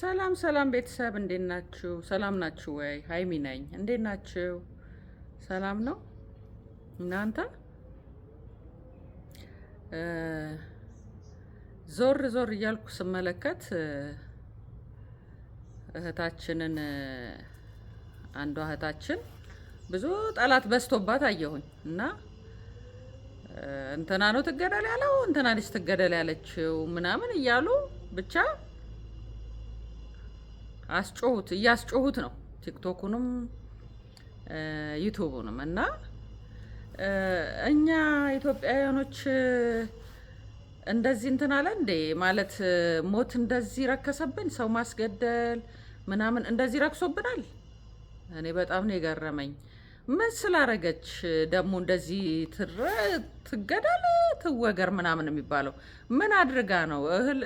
ሰላም ሰላም ቤተሰብ እንዴት ናችሁ? ሰላም ናችሁ ወይ? ሀይሚ ነኝ። እንዴት ናችሁ? ሰላም ነው እናንተ? ዞር ዞር እያልኩ ስመለከት እህታችንን አንዷ እህታችን ብዙ ጠላት በዝቶባት አየሁኝ እና እንትና ነው ትገደል ያለው እንትና ልጅ ትገደል ያለችው ምናምን እያሉ ብቻ አስጮሁት እያስጮሁት ነው ቲክቶኩንም ዩቱቡንም እና እኛ ኢትዮጵያውያኖች እንደዚህ እንትን አለ እንዴ ማለት ሞት እንደዚህ ረከሰብን፣ ሰው ማስገደል ምናምን እንደዚህ ረክሶብናል። እኔ በጣም ነው የገረመኝ። ምን ስላረገች ደግሞ እንደዚህ ትገዳል? ትወገር ምናምን የሚባለው ምን አድርጋ ነው? እህል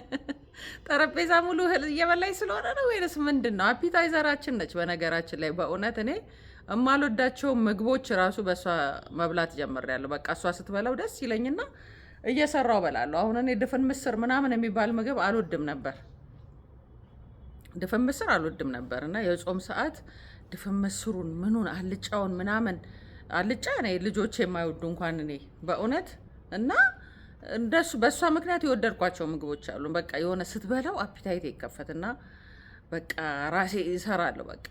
ጠረጴዛ ሙሉ እህል እየበላኝ ስለሆነ ነው ወይንስ ምንድን ነው? አፒታይዘራችን ነች። በነገራችን ላይ በእውነት እኔ እማልወዳቸው ምግቦች ራሱ በእሷ መብላት ጀምሬያለሁ። በቃ እሷ ስትበላው ደስ ይለኝና እየሰራው በላለሁ። አሁን እኔ ድፍን ምስር ምናምን የሚባል ምግብ አልወድም ነበር ድፍን ምስር አልወድም ነበር እና የጾም ሰዓት ድፍን ምስሩን ምኑን አልጫውን ምናምን አልጫ እኔ ልጆች የማይወዱ እንኳን እኔ በእውነት እና እንደሱ በእሷ ምክንያት የወደድኳቸው ምግቦች አሉ። በቃ የሆነ ስትበላው አፒታይት ይከፈትና በቃ ራሴ እሰራለሁ በቃ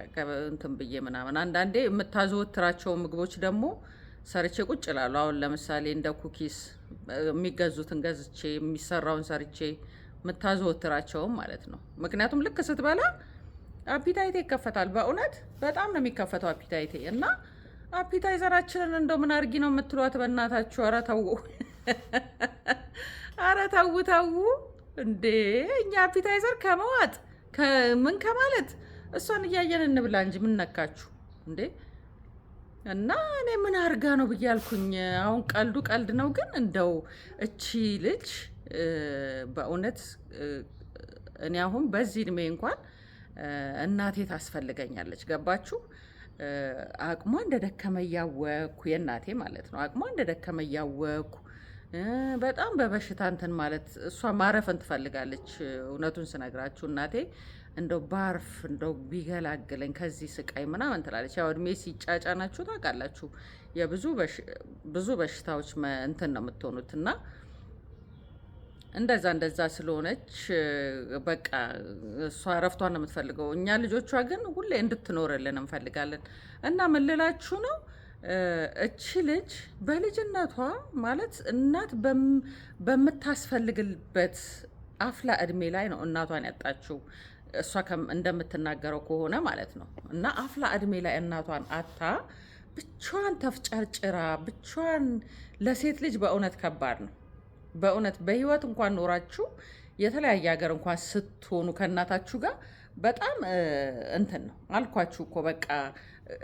እንትን ብዬ ምናምን። አንዳንዴ የምታዘወትራቸው ምግቦች ደግሞ ሰርቼ ቁጭ ላሉ። አሁን ለምሳሌ እንደ ኩኪስ የሚገዙትን ገዝቼ የሚሰራውን ሰርቼ የምታዘወትራቸውም ማለት ነው። ምክንያቱም ልክ ስትበላ አፒታይቴ ይከፈታል። በእውነት በጣም ነው የሚከፈተው አፒታይቴ እና አፒታይዘራችንን እንደው ምን አድርጊ ነው የምትሏት? በእናታችሁ አረ ተው፣ አረ ተው ተው እንዴ! እኛ አፒታይዘር ከመዋጥ ከምን ከማለት እሷን እያየን እንብላ እንጂ ምን ነካችሁ እንዴ? እና እኔ ምን አርጋ ነው ብዬ አልኩኝ። አሁን ቀልዱ ቀልድ ነው፣ ግን እንደው እቺ ልጅ በእውነት እኔ አሁን በዚህ እድሜ እንኳን እናቴ ታስፈልገኛለች። ገባችሁ? አቅሟ እንደደከመ እያወቅኩ የእናቴ ማለት ነው። አቅሟ እንደደከመ እያወቅኩ በጣም በበሽታ እንትን ማለት እሷ ማረፍን ትፈልጋለች። እውነቱን ስነግራችሁ እናቴ እንደው ባርፍ እንደው ቢገላግለኝ ከዚህ ስቃይ ምናምን ትላለች። ያው እድሜ ሲጫጫናችሁ ታውቃላችሁ፣ የብዙ ብዙ በሽታዎች እንትን ነው የምትሆኑት እና እንደዛ እንደዛ ስለሆነች በቃ እሷ እረፍቷን ነው የምትፈልገው። እኛ ልጆቿ ግን ሁሌ እንድትኖርልን እንፈልጋለን። እና ምን ልላችሁ ነው እቺ ልጅ በልጅነቷ ማለት እናት በምታስፈልግበት አፍላ እድሜ ላይ ነው እናቷን ያጣችው። እሷ እንደምትናገረው ከሆነ ማለት ነው። እና አፍላ እድሜ ላይ እናቷን አታ ብቻዋን ተፍጨርጭራ ብቻዋን ለሴት ልጅ በእውነት ከባድ ነው። በእውነት በህይወት እንኳን ኖራችሁ የተለያየ ሀገር እንኳን ስትሆኑ ከእናታችሁ ጋር በጣም እንትን ነው አልኳችሁ እኮ በቃ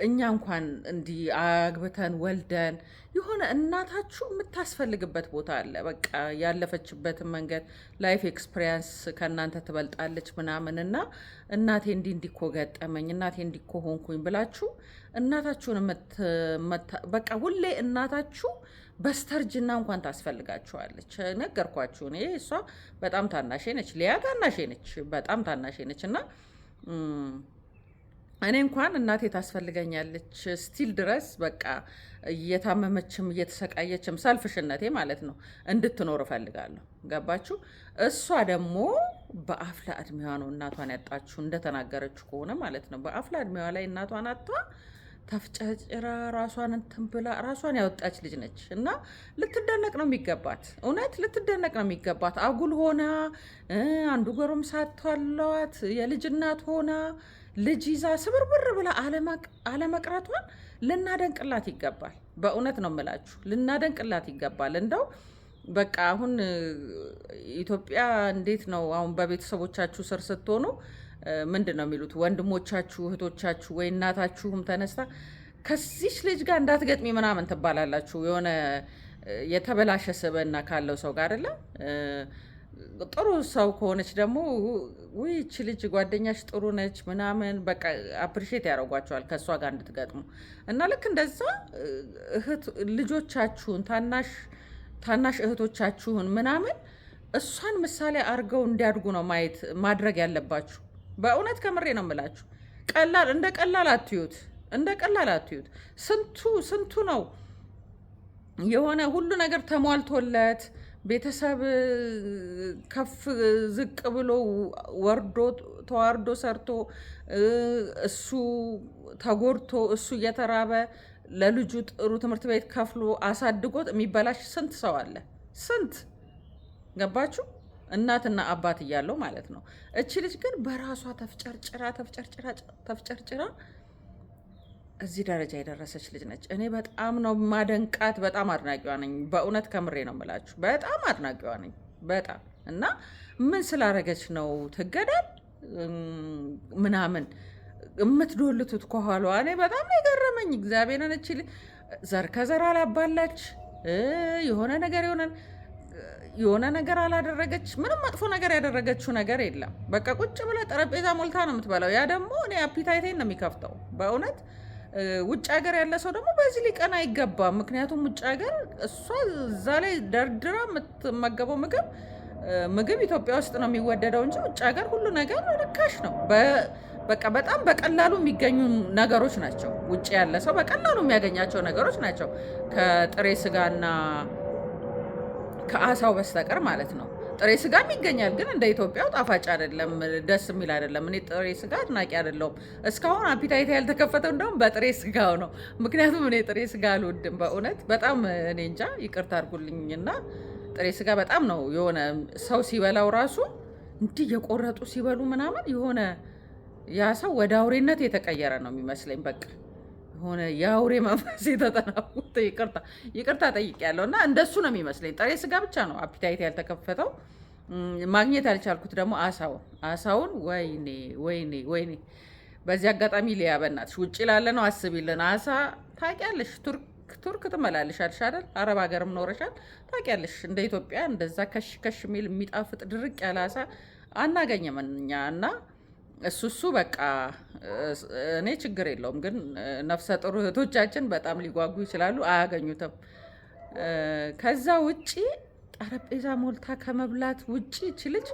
እኛ እንኳን እንዲህ አግብተን ወልደን የሆነ እናታችሁ የምታስፈልግበት ቦታ አለ። በቃ ያለፈችበትን መንገድ ላይፍ ኤክስፒሪየንስ ከእናንተ ትበልጣለች ምናምን እና እናቴ እንዲህ እንዲህ ገጠመኝ፣ እናቴ እንዲኮ ሆንኩኝ ብላችሁ እናታችሁን በቃ ሁሌ እናታችሁ በስተርጅና እንኳን ታስፈልጋችኋለች። ነገርኳችሁ እኔ እሷ በጣም ታናሼ ነች፣ ሊያ ታናሼ ነች፣ በጣም ታናሼ ነች እና እኔ እንኳን እናቴ ታስፈልገኛለች ስቲል ድረስ በቃ እየታመመችም እየተሰቃየችም ሰልፍሽነቴ ማለት ነው እንድትኖር እፈልጋለሁ። ገባችሁ? እሷ ደግሞ በአፍላ እድሜዋ ነው እናቷን ያጣችሁ እንደተናገረችው ከሆነ ማለት ነው። በአፍላ እድሜዋ ላይ እናቷን አጥታ ተፍጨጭራ ራሷን እንትን ብላ ራሷን ያወጣች ልጅ ነች እና ልትደነቅ ነው የሚገባት። እውነት ልትደነቅ ነው የሚገባት። አጉል ሆና አንዱ ጎሮም ሳቷለዋት የልጅ እናት ሆና ልጅ ይዛ ስብርብር ብላ አለመቅረቷን ልናደንቅላት ይገባል። በእውነት ነው የምላችሁ ልናደንቅላት ይገባል። እንደው በቃ አሁን ኢትዮጵያ እንዴት ነው አሁን በቤተሰቦቻችሁ ስር ስትሆኑ ምንድን ነው የሚሉት ወንድሞቻችሁ እህቶቻችሁ ወይ እናታችሁም ተነስታ ከዚች ልጅ ጋር እንዳትገጥሚ ምናምን ትባላላችሁ። የሆነ የተበላሸ ስብዕና ካለው ሰው ጋር አይደለም። ጥሩ ሰው ከሆነች ደግሞ ውይ ይቺ ልጅ ጓደኛሽ ጥሩ ነች ምናምን በቃ አፕሪሼት ያደርጓቸዋል ከእሷ ጋር እንድትገጥሙ እና ልክ እንደዛ ልጆቻችሁን ታናሽ እህቶቻችሁን ምናምን እሷን ምሳሌ አድርገው እንዲያድጉ ነው ማየት ማድረግ ያለባችሁ። በእውነት ከምሬ ነው የምላችሁ። ቀላል እንደ ቀላል አትዩት፣ እንደ ቀላል አትዩት። ስንቱ ስንቱ ነው የሆነ ሁሉ ነገር ተሟልቶለት ቤተሰብ ከፍ ዝቅ ብሎ ወርዶ ተዋርዶ ሰርቶ እሱ ተጎድቶ እሱ እየተራበ ለልጁ ጥሩ ትምህርት ቤት ከፍሎ አሳድጎት የሚበላሽ ስንት ሰው አለ። ስንት ገባችሁ? እናትና አባት እያለው ማለት ነው። እች ልጅ ግን በራሷ ተፍጨርጭራ ተፍጨርጭራ ተፍጨርጭራ እዚህ ደረጃ የደረሰች ልጅ ነች። እኔ በጣም ነው ማደንቃት። በጣም አድናቂዋ ነኝ። በእውነት ከምሬ ነው የምላችሁ። በጣም አድናቂዋ ነኝ። በጣም እና ምን ስላረገች ነው ትገዳል ምናምን የምትዶልቱት ከኋሏ? እኔ በጣም ነው የገረመኝ። እግዚአብሔርን እች ዘር ከዘር አላባላች የሆነ ነገር የሆነ የሆነ ነገር አላደረገች። ምንም መጥፎ ነገር ያደረገችው ነገር የለም። በቃ ቁጭ ብላ ጠረጴዛ ሞልታ ነው የምትበላው። ያ ደግሞ እኔ አፒታይቴን ነው የሚከፍተው በእውነት። ውጭ ሀገር ያለ ሰው ደግሞ በዚህ ሊቀና አይገባም። ምክንያቱም ውጭ ሀገር እሷ እዛ ላይ ደርድራ የምትመገበው ምግብ ምግብ ኢትዮጵያ ውስጥ ነው የሚወደደው እንጂ ውጭ ሀገር ሁሉ ነገር ርካሽ ነው። በቃ በጣም በቀላሉ የሚገኙ ነገሮች ናቸው። ውጭ ያለ ሰው በቀላሉ የሚያገኛቸው ነገሮች ናቸው ከጥሬ ስጋና ከአሳው በስተቀር ማለት ነው። ጥሬ ስጋም ይገኛል፣ ግን እንደ ኢትዮጵያው ጣፋጭ አይደለም፣ ደስ የሚል አይደለም። እኔ ጥሬ ስጋ አድናቂ አይደለሁም። እስካሁን አፒታይት ያልተከፈተው እንደውም በጥሬ ስጋው ነው። ምክንያቱም እኔ ጥሬ ስጋ አልወድም በእውነት በጣም እኔ እንጃ፣ ይቅርታ አድርጉልኝና ጥሬ ስጋ በጣም ነው የሆነ ሰው ሲበላው ራሱ እንዲህ የቆረጡ ሲበሉ ምናምን የሆነ ያ ሰው ወደ አውሬነት የተቀየረ ነው የሚመስለኝ በቃ ሆነ የአውሬ መንፈስ የተጠናወተ ይቅርታ ይቅርታ ጠይቅ ያለው እና እንደሱ ነው የሚመስለኝ። ጥሬ ስጋ ብቻ ነው አፒታይት ያልተከፈተው ማግኘት ያልቻልኩት ደግሞ አሳውን አሳውን ወይኔ ወይኔ ወይኔ። በዚህ አጋጣሚ ሊያ በእናትሽ ውጭ ላለ ነው አስቢልን። አሳ ታውቂያለሽ፣ ቱርክ ቱርክ ትመላልሻለሽ አይደል? አረብ ሀገርም ኖረሻል ታውቂያለሽ። እንደ ኢትዮጵያ እንደዛ ከሽ ከሽ የሚል የሚጣፍጥ ድርቅ ያለ አሳ አናገኘም እኛ እና እሱ እሱ በቃ እኔ ችግር የለውም። ግን ነፍሰ ጡር እህቶቻችን በጣም ሊጓጉ ይችላሉ፣ አያገኙትም። ከዛ ውጪ ጠረጴዛ ሞልታ ከመብላት ውጪ እቺ ልጅ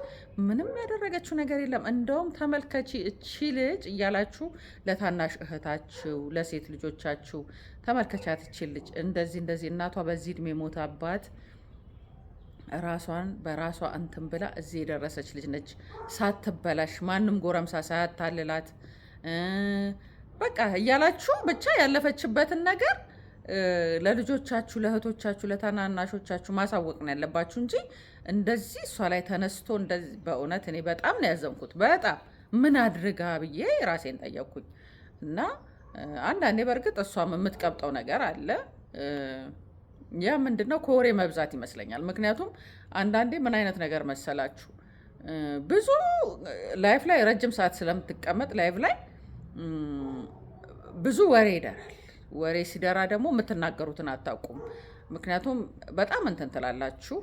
ምንም ያደረገችው ነገር የለም። እንደውም ተመልከቺ እቺ ልጅ እያላችሁ ለታናሽ እህታችሁ ለሴት ልጆቻችሁ ተመልከቻት፣ እቺ ልጅ እንደዚህ እንደዚህ እናቷ በዚህ እድሜ አባት ራሷን በራሷ እንትን ብላ እዚህ የደረሰች ልጅ ነች። ሳትበላሽ ማንም ጎረምሳ ሳያታልላት በቃ እያላችሁ ብቻ ያለፈችበትን ነገር ለልጆቻችሁ፣ ለእህቶቻችሁ፣ ለታናናሾቻችሁ ማሳወቅ ነው ያለባችሁ እንጂ እንደዚህ እሷ ላይ ተነስቶ በእውነት እኔ በጣም ነው ያዘንኩት። በጣም ምን አድርጋ ብዬ ራሴን ጠየቅኩኝ። እና አንዳንዴ በእርግጥ እሷም የምትቀብጠው ነገር አለ ያ ምንድነው ከወሬ መብዛት ይመስለኛል። ምክንያቱም አንዳንዴ ምን አይነት ነገር መሰላችሁ ብዙ ላይፍ ላይ ረጅም ሰዓት ስለምትቀመጥ ላይፍ ላይ ብዙ ወሬ ይደራል። ወሬ ሲደራ ደግሞ የምትናገሩትን አታውቁም። ምክንያቱም በጣም እንትን ትላላችሁ።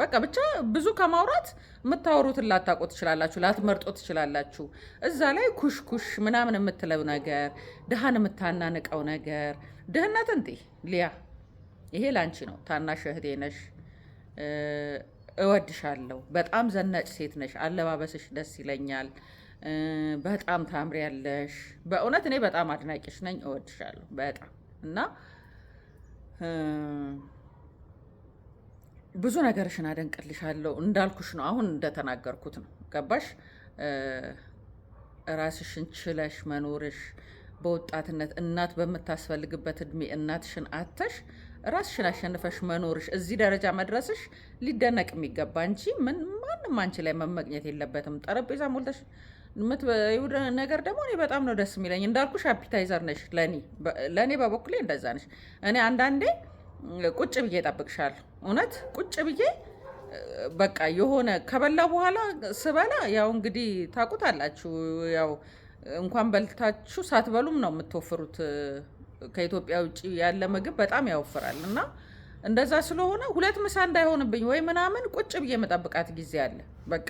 በቃ ብቻ ብዙ ከማውራት የምታወሩትን ላታውቁ ትችላላችሁ፣ ላትመርጦ ትችላላችሁ። እዛ ላይ ኩሽኩሽ ምናምን የምትለው ነገር ድሃን የምታናንቀው ነገር ድህነት እንዴ ሊያ ይሄ ላንቺ ነው። ታናሽ እህቴ ነሽ፣ እወድሻለሁ። በጣም ዘነጭ ሴት ነሽ። አለባበስሽ ደስ ይለኛል። በጣም ታምሪያለሽ። በእውነት እኔ በጣም አድናቂሽ ነኝ። እወድሻለሁ በጣም እና ብዙ ነገርሽን አደንቅልሻለሁ። እንዳልኩሽ ነው፣ አሁን እንደተናገርኩት ነው። ገባሽ? ራስሽን ችለሽ መኖርሽ በወጣትነት እናት በምታስፈልግበት እድሜ እናትሽን አተሽ ራስሽን አሸንፈሽ መኖርሽ እዚህ ደረጃ መድረስሽ ሊደነቅ የሚገባ እንጂ ምን ማንም አንቺ ላይ መመቅኘት የለበትም። ጠረጴዛ ሞልተሽ የምትበይው ነገር ደግሞ እኔ በጣም ነው ደስ የሚለኝ። እንዳልኩሽ አፒታይዘር ነሽ ለእኔ ለእኔ በበኩሌ እንደዛ ነሽ። እኔ አንዳንዴ ቁጭ ብዬ ጠብቅሻል እውነት ቁጭ ብዬ በቃ የሆነ ከበላ በኋላ ስበላ ያው እንግዲህ ታውቁታላችሁ። ያው እንኳን በልታችሁ ሳትበሉም ነው የምትወፍሩት ከኢትዮጵያ ውጭ ያለ ምግብ በጣም ያወፍራል እና እንደዛ ስለሆነ ሁለት ምሳ እንዳይሆንብኝ ወይ ምናምን ቁጭ ብዬ መጠብቃት ጊዜ አለ። በቃ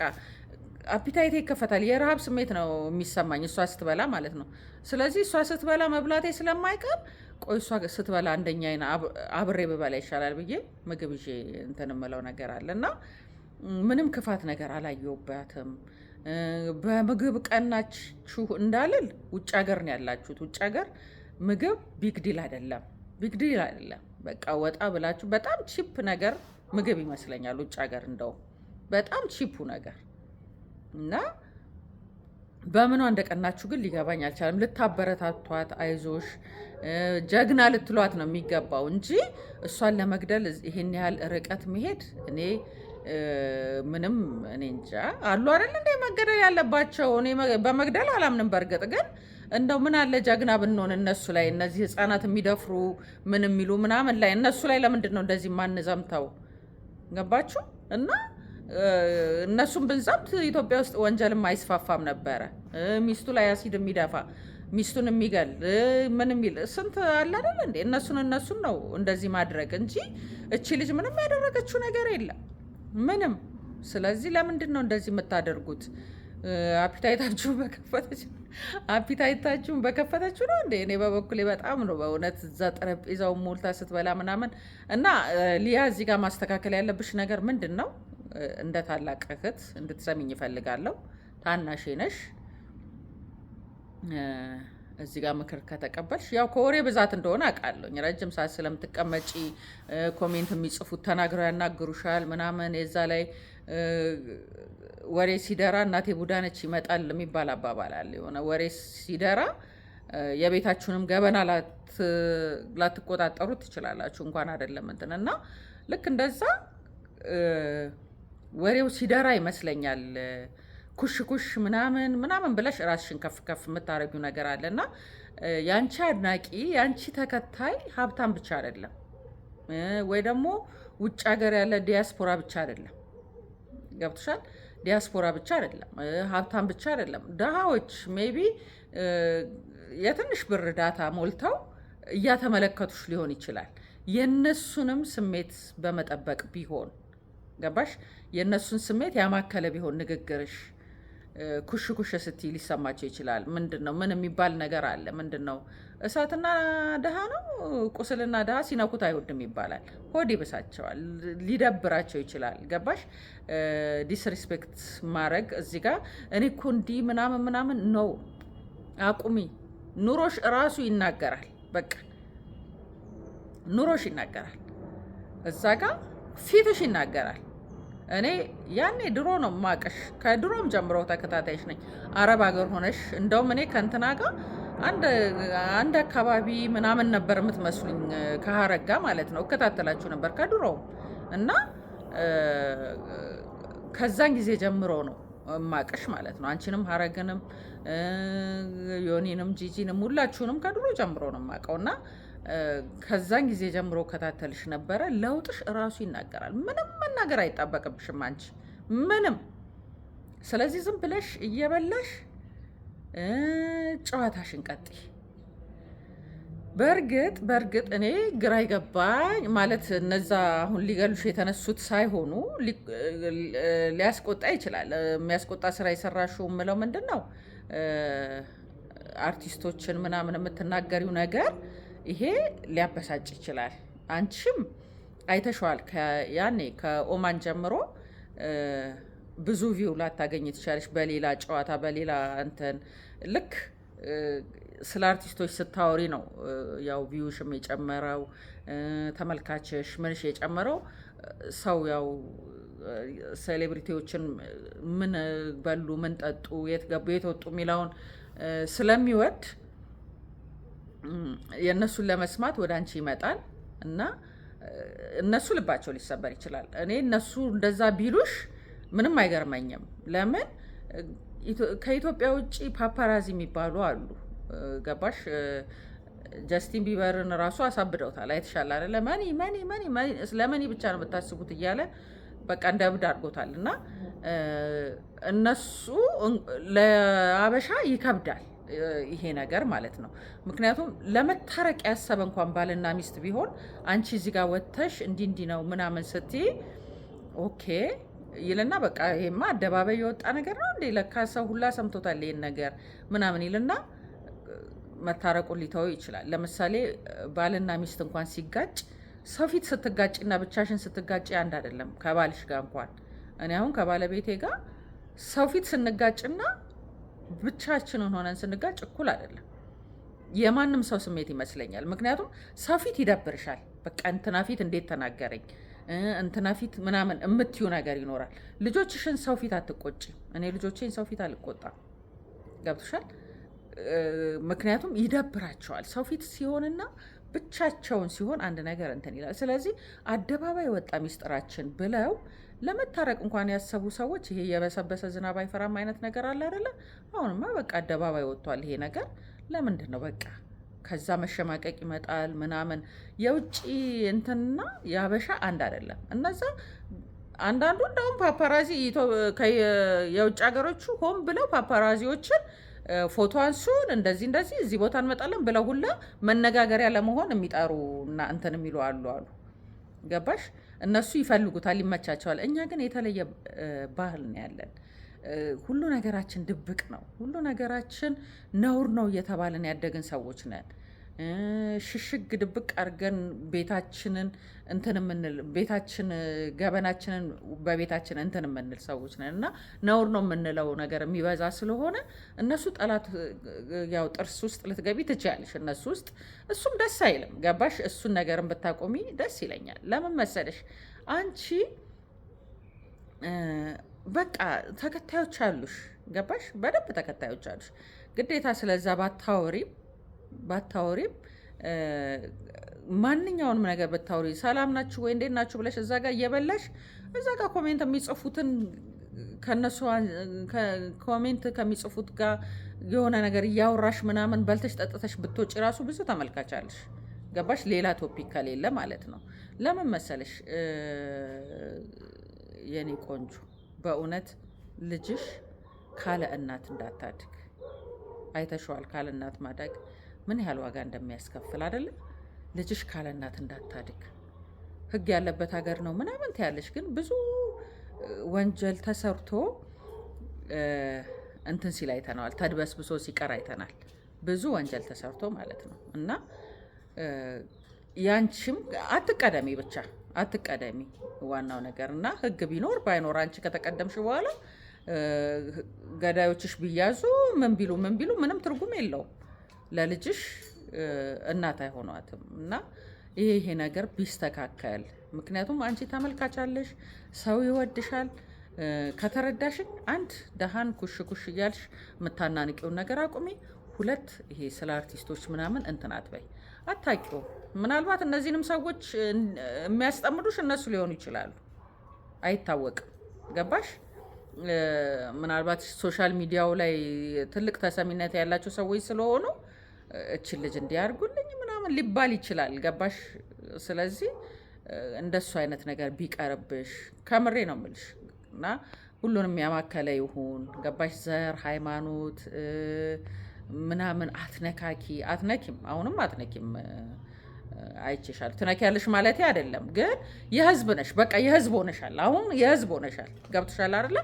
አፒታይቴ ይከፈታል። የረሃብ ስሜት ነው የሚሰማኝ እሷ ስትበላ ማለት ነው። ስለዚህ እሷ ስትበላ መብላቴ ስለማይቀር ቆይ እሷ ስትበላ አንደኛ አብሬ ብበላ ይሻላል ብዬ ምግብ ይዤ እንትን ነገር አለ እና ምንም ክፋት ነገር አላየውባትም። በምግብ ቀናችሁ እንዳልል ውጭ ሀገር ነው ያላችሁት ውጭ ሀገር ምግብ ቢግ ዲል አይደለም፣ ቢግ ዲል አይደለም። በቃ ወጣ ብላችሁ በጣም ቺፕ ነገር ምግብ ይመስለኛል ውጭ ሀገር እንደው በጣም ቺፑ ነገር እና በምኗ እንደቀናችሁ ግን ሊገባኝ አልቻለም። ልታበረታቷት አይዞሽ ጀግና ልትሏት ነው የሚገባው እንጂ እሷን ለመግደል ይሄን ያህል ርቀት መሄድ እኔ ምንም እኔ እንጃ። አሉ አይደል እንደ መገደል ያለባቸው እኔ በመግደል አላምንም። በእርግጥ ግን እንደው ምን አለ ጀግና ብንሆን እነሱ ላይ እነዚህ ህጻናት የሚደፍሩ ምን የሚሉ ምናምን ላይ እነሱ ላይ ለምንድን ነው እንደዚህ ማንዘምተው? ገባችሁ? እና እነሱም ብንዘምት ኢትዮጵያ ውስጥ ወንጀልም አይስፋፋም ነበረ። ሚስቱ ላይ አሲድ የሚደፋ ሚስቱን የሚገል ምን የሚል ስንት አለ አይደል እንዴ? እነሱን እነሱን ነው እንደዚህ ማድረግ እንጂ እቺ ልጅ ምንም ያደረገችው ነገር የለም ምንም። ስለዚህ ለምንድን ነው እንደዚህ የምታደርጉት? አፒታይታችሁን በከፈተች አፒታይታችሁን በከፈተችው ነው እንዴ? እኔ በበኩሌ በጣም ነው በእውነት እዛ ጠረጴዛው ሞልታ ስትበላ ምናምን እና ሊያ፣ እዚህ ጋር ማስተካከል ያለብሽ ነገር ምንድን ነው? እንደ ታላቅ እህት እንድትሰሚኝ ይፈልጋለሁ። ታናሽ ነሽ። እዚህ ጋር ምክር ከተቀበልሽ ያው ከወሬ ብዛት እንደሆነ አውቃለሁኝ። ረጅም ሰዓት ስለምትቀመጪ ኮሜንት የሚጽፉት ተናግረው ያናግሩሻል ምናምን የዛ ላይ ወሬ ሲደራ እናቴ ቡዳነች ይመጣል የሚባል አባባል አለ። የሆነ ወሬ ሲደራ የቤታችሁንም ገበና ላትቆጣጠሩ ትችላላችሁ። እንኳን አይደለም እንትን እና ልክ እንደዛ ወሬው ሲደራ ይመስለኛል ኩሽ ኩሽ ምናምን ምናምን ብለሽ ራስሽን ከፍ ከፍ የምታደርጊው ነገር አለ እና ያንቺ አድናቂ ያንቺ ተከታይ ሀብታም ብቻ አይደለም ወይ ደግሞ ውጭ ሀገር ያለ ዲያስፖራ ብቻ አይደለም። ገብቶሻል? ዲያስፖራ ብቻ አይደለም፣ ሀብታም ብቻ አይደለም። ድሃዎች ሜቢ የትንሽ ብር ዳታ ሞልተው እያተመለከቱሽ ሊሆን ይችላል። የነሱንም ስሜት በመጠበቅ ቢሆን ገባሽ፣ የነሱን ስሜት ያማከለ ቢሆን ንግግርሽ ኩሽ ኩሽ ስቲ ሊሰማቸው ይችላል። ምንድን ነው ምን የሚባል ነገር አለ? ምንድን ነው እሳትና ድሃ ነው ቁስልና ድሃ ሲነኩት አይወድም ይባላል። ሆድ ይበሳቸዋል፣ ሊደብራቸው ይችላል። ገባሽ? ዲስሪስፔክት ማድረግ እዚህ ጋ እኔ እኮ እንዲህ ምናምን ምናምን ነው። አቁሚ። ኑሮሽ እራሱ ይናገራል። በቃ ኑሮሽ ይናገራል። እዛ ጋ ፊትሽ ይናገራል። እኔ ያኔ ድሮ ነው ማቅሽ፣ ከድሮም ጀምሮ ተከታታይሽ ነኝ። አረብ ሀገር ሆነሽ እንደውም እኔ ከንትና ጋር አንድ አካባቢ ምናምን ነበር የምትመስሉኝ፣ ከሀረጋ ማለት ነው። እከታተላችሁ ነበር ከድሮውም እና ከዛን ጊዜ ጀምሮ ነው ማቅሽ ማለት ነው። አንቺንም ሀረግንም ዮኒንም ጂጂንም ሁላችሁንም ከድሮ ጀምሮ ነው ማቀው እና ከዛን ጊዜ ጀምሮ ከታተልሽ ነበረ። ለውጥሽ እራሱ ይናገራል። ምንም መናገር አይጠበቅብሽም አንቺ ምንም። ስለዚህ ዝም ብለሽ እየበላሽ ጨዋታሽን ቀጥይ። በእርግጥ በእርግጥ እኔ ግራ ይገባኝ ማለት እነዛ አሁን ሊገሉሽ የተነሱት ሳይሆኑ ሊያስቆጣ ይችላል። የሚያስቆጣ ስራ የሰራሽው የምለው ምንድን ነው አርቲስቶችን ምናምን የምትናገሪው ነገር ይሄ ሊያበሳጭ ይችላል። አንቺም አይተሸዋል። ያኔ ከኦማን ጀምሮ ብዙ ቪው ላታገኝ ትችላለች። በሌላ ጨዋታ በሌላ እንትን ልክ ስለ አርቲስቶች ስታወሪ ነው ያው ቪውሽም የጨመረው ተመልካችሽ ምንሽ የጨመረው ሰው ያው ሴሌብሪቲዎችን ምን በሉ ምን ጠጡ የት ገቡ የት ወጡ የሚለውን ስለሚወድ የእነሱን ለመስማት ወደ አንቺ ይመጣል እና እነሱ ልባቸው ሊሰበር ይችላል። እኔ እነሱ እንደዛ ቢሉሽ ምንም አይገርመኝም። ለምን ከኢትዮጵያ ውጭ ፓፓራዚ የሚባሉ አሉ። ገባሽ? ጀስቲን ቢበርን ራሱ አሳብደውታል። አይተሻል አይደለ? መኒ መኒ መኒ ስለመኒ ብቻ ነው የምታስቡት እያለ በቃ እንደ እብድ አድርጎታል። እና እነሱ ለአበሻ ይከብዳል ይሄ ነገር ማለት ነው። ምክንያቱም ለመታረቅ ያሰበ እንኳን ባልና ሚስት ቢሆን አንቺ እዚህ ጋር ወጥተሽ እንዲህ እንዲህ ነው ምናምን ስትይ ኦኬ ይልና በቃ ይሄማ አደባባይ የወጣ ነገር ነው እንዴ ለካ ሰው ሁላ ሰምቶታል ይሄን ነገር ምናምን ይልና መታረቁን ሊተው ይችላል። ለምሳሌ ባልና ሚስት እንኳን ሲጋጭ ሰው ፊት እና ብቻሽን ስትጋጭ አንድ አይደለም። ከባልሽ ጋር እንኳን እኔ አሁን ከባለቤቴ ጋር ሰው ፊት ስንጋጭና ብቻችንን ሆነን ስንጋጭ እኩል አይደለም የማንም ሰው ስሜት ይመስለኛል። ምክንያቱም ሰው ፊት ይደብርሻል። በቃ እንትና ፊት እንዴት ተናገረኝ እንትና ፊት ምናምን የምትዩ ነገር ይኖራል። ልጆችሽን ሰው ፊት አትቆጭ። እኔ ልጆቼን ሰው ፊት አልቆጣ። ገብቶሻል? ምክንያቱም ይደብራቸዋል። ሰው ፊት ሲሆንና ብቻቸውን ሲሆን አንድ ነገር እንትን ይላል። ስለዚህ አደባባይ ወጣ ሚስጥራችን ብለው ለመታረቅ እንኳን ያሰቡ ሰዎች ይሄ የበሰበሰ ዝናብ አይፈራም አይነት ነገር አለ አይደለ? አሁንማ በቃ አደባባይ ወጥቷል ይሄ ነገር። ለምንድን ነው በቃ ከዛ መሸማቀቅ ይመጣል ምናምን። የውጭ እንትንና የሀበሻ አንድ አይደለም። እነዛ አንዳንዱ እንደውም ፓፓራዚ የውጭ ሀገሮቹ ሆን ብለው ፓፓራዚዎችን ፎቶ አንሱን እንደዚህ እንደዚህ እዚህ ቦታ እንመጣለን ብለው ሁላ መነጋገሪያ ለመሆን የሚጠሩ እና እንትን የሚሉ አሉ አሉ ገባሽ? እነሱ ይፈልጉታል፣ ይመቻቸዋል። እኛ ግን የተለየ ባህል ነው ያለን። ሁሉ ነገራችን ድብቅ ነው። ሁሉ ነገራችን ነውር ነው እየተባለን ያደግን ሰዎች ነን። ሽሽግ ድብቅ አድርገን ቤታችንን እንትን የምንል ቤታችን ገበናችንን በቤታችን እንትን የምንል ሰዎች ነን እና ነውር ነው የምንለው ነገር የሚበዛ ስለሆነ እነሱ ጠላት ያው ጥርስ ውስጥ ልትገቢ ትችያለሽ እነሱ ውስጥ እሱም ደስ አይልም። ገባሽ? እሱን ነገርን ብታቆሚ ደስ ይለኛል። ለምን መሰለሽ አንቺ በቃ ተከታዮች አሉሽ። ገባሽ? በደንብ ተከታዮች አሉሽ። ግዴታ ስለዛ ባታወሪም ባታወሪም ማንኛውንም ነገር ብታወሪ ሰላም ናችሁ ወይ እንዴት ናችሁ ብለሽ እዛ ጋር እየበላሽ እዛ ጋር ኮሜንት የሚጽፉትን ከነሱ ኮሜንት ከሚጽፉት ጋር የሆነ ነገር እያወራሽ ምናምን በልተሽ ጠጥተሽ ብትወጪ ራሱ ብዙ ተመልካቻለሽ። ገባሽ? ሌላ ቶፒክ ከሌለ ማለት ነው። ለምን መሰለሽ የኔ ቆንጆ በእውነት ልጅሽ ካለ እናት እንዳታድግ አይተሸዋል። ካለ እናት ማደግ ምን ያህል ዋጋ እንደሚያስከፍል አይደለም። ልጅሽ ካለ እናት እንዳታድግ ህግ ያለበት ሀገር ነው ምናምን ትያለሽ፣ ግን ብዙ ወንጀል ተሰርቶ እንትን ሲል አይተነዋል። ተድበስብሶ ሲቀር አይተናል። ብዙ ወንጀል ተሰርቶ ማለት ነው። እና ያንቺም አትቀደሚ፣ ብቻ አትቀደሚ፣ ዋናው ነገር እና ህግ ቢኖር ባይኖር አንቺ ከተቀደምሽ በኋላ ገዳዮችሽ ቢያዙ ምን ቢሉ ምን ቢሉ ምንም ትርጉም የለውም። ለልጅሽ እናት አይሆኗትም እና ይሄ ይሄ ነገር ቢስተካከል። ምክንያቱም አንቺ ተመልካቻለሽ፣ ሰው ይወድሻል። ከተረዳሽን አንድ ደሃን ኩሽ ኩሽ እያልሽ የምታናንቂውን ነገር አቁሚ። ሁለት ይሄ ስለ አርቲስቶች ምናምን እንትን አትበይ፣ አታቂ ምናልባት እነዚህንም ሰዎች የሚያስጠምዱሽ እነሱ ሊሆኑ ይችላሉ፣ አይታወቅም። ገባሽ? ምናልባት ሶሻል ሚዲያው ላይ ትልቅ ተሰሚነት ያላቸው ሰዎች ስለሆኑ እች ልጅ እንዲያርጉልኝ ምናምን ሊባል ይችላል። ገባሽ? ስለዚህ እንደሱ አይነት ነገር ቢቀርብሽ ከምሬ ነው የምልሽ እና ሁሉንም ያማከለ ይሁን። ገባሽ? ዘር፣ ሃይማኖት ምናምን አትነካኪ። አትነኪም፣ አሁንም አትነኪም። አይቼሻለሁ ትነኪያለሽ ማለት አይደለም፣ ግን የህዝብ ነሽ። በቃ የህዝብ ሆነሻል። አሁን የህዝብ ሆነሻል። ገብቶሻል አይደለ?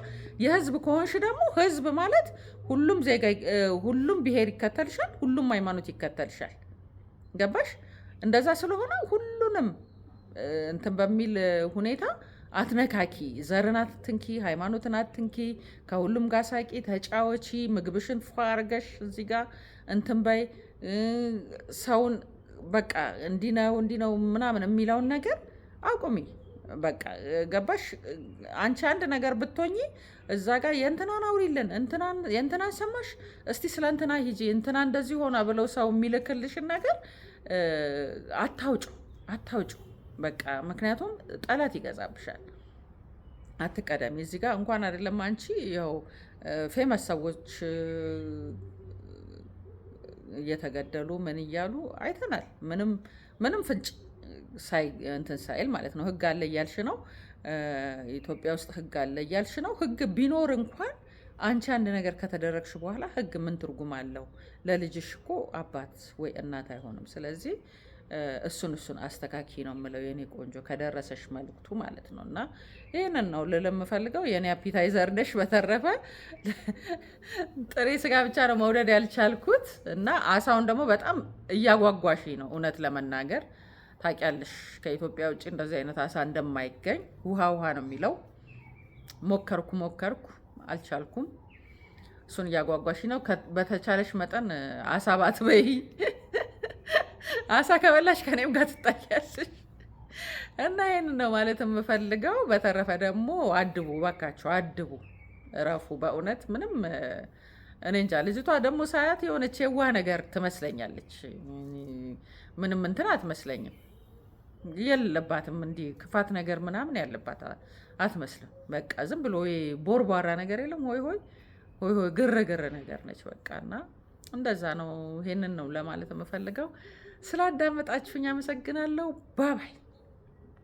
የህዝብ ከሆንሽ ደግሞ ህዝብ ማለት ሁሉም ዜጋ፣ ሁሉም ብሄር ይከተልሻል፣ ሁሉም ሃይማኖት ይከተልሻል። ገባሽ? እንደዛ ስለሆነ ሁሉንም እንትን በሚል ሁኔታ አትነካኪ፣ ዘርን አትንኪ፣ ሃይማኖትን አትንኪ። ከሁሉም ጋር ሳቂ፣ ተጫወቺ፣ ምግብሽን ፏ አርገሽ እዚህ ጋር እንትን በይ ሰውን በቃ እንዲህ ነው እንዲህ ነው ምናምን የሚለውን ነገር አቁሚ። በቃ ገባሽ? አንቺ አንድ ነገር ብትሆኚ እዛ ጋር የእንትናን አውሪልን የእንትናን ሰማሽ፣ እስቲ ስለ እንትና ሂጂ፣ እንትና እንደዚህ ሆና ብለው ሰው የሚልክልሽን ነገር አታውጩ አታውጩ። በቃ ምክንያቱም ጠላት ይገዛብሻል። አትቀደሚ። እዚህ ጋር እንኳን አይደለም አንቺ ያው ፌመስ ሰዎች እየተገደሉ ምን እያሉ አይተናል። ምንም ምንም ፍንጭ ሳይ እንትን ሳይል ማለት ነው። ህግ አለ እያልሽ ነው። ኢትዮጵያ ውስጥ ህግ አለ እያልሽ ነው። ህግ ቢኖር እንኳን አንቺ አንድ ነገር ከተደረግሽ በኋላ ህግ ምን ትርጉም አለው? ለልጅሽ እኮ አባት ወይ እናት አይሆንም። ስለዚህ እሱን እሱን አስተካኪ ነው የምለው የኔ ቆንጆ ከደረሰሽ መልክቱ ማለት ነው። እና ይህንን ነው ልል የምፈልገው። የኔ አፒታይዘር ነሽ። በተረፈ ጥሬ ስጋ ብቻ ነው መውደድ ያልቻልኩት እና አሳውን ደግሞ በጣም እያጓጓሽ ነው እውነት ለመናገር ታውቂያለሽ። ከኢትዮጵያ ውጭ እንደዚህ አይነት አሳ እንደማይገኝ ውሃ ውሃ ነው የሚለው። ሞከርኩ ሞከርኩ አልቻልኩም። እሱን እያጓጓሽ ነው። በተቻለሽ መጠን አሳ ባትበይ። በይ አሳ ከበላሽ ከኔም ጋር ትታያለሽ። እና ይህን ነው ማለት የምፈልገው። በተረፈ ደግሞ አድቡ፣ ባካችሁ አድቡ፣ እረፉ። በእውነት ምንም እኔ እንጃ። ልጅቷ ደግሞ ሳያት የሆነች የዋህ ነገር ትመስለኛለች። ምንም እንትን አትመስለኝም የለባትም እንዲህ ክፋት ነገር ምናምን ያለባት አትመስልም። በቃ ዝም ብሎ ቦርቧራ ነገር የለም ሆይ ሆይ ሆይ ሆይ ግርግር ነገር ነች በቃ እና እንደዛ ነው። ይሄንን ነው ለማለት የምፈልገው። ስላዳመጣችሁኝ አመሰግናለሁ። ባባይ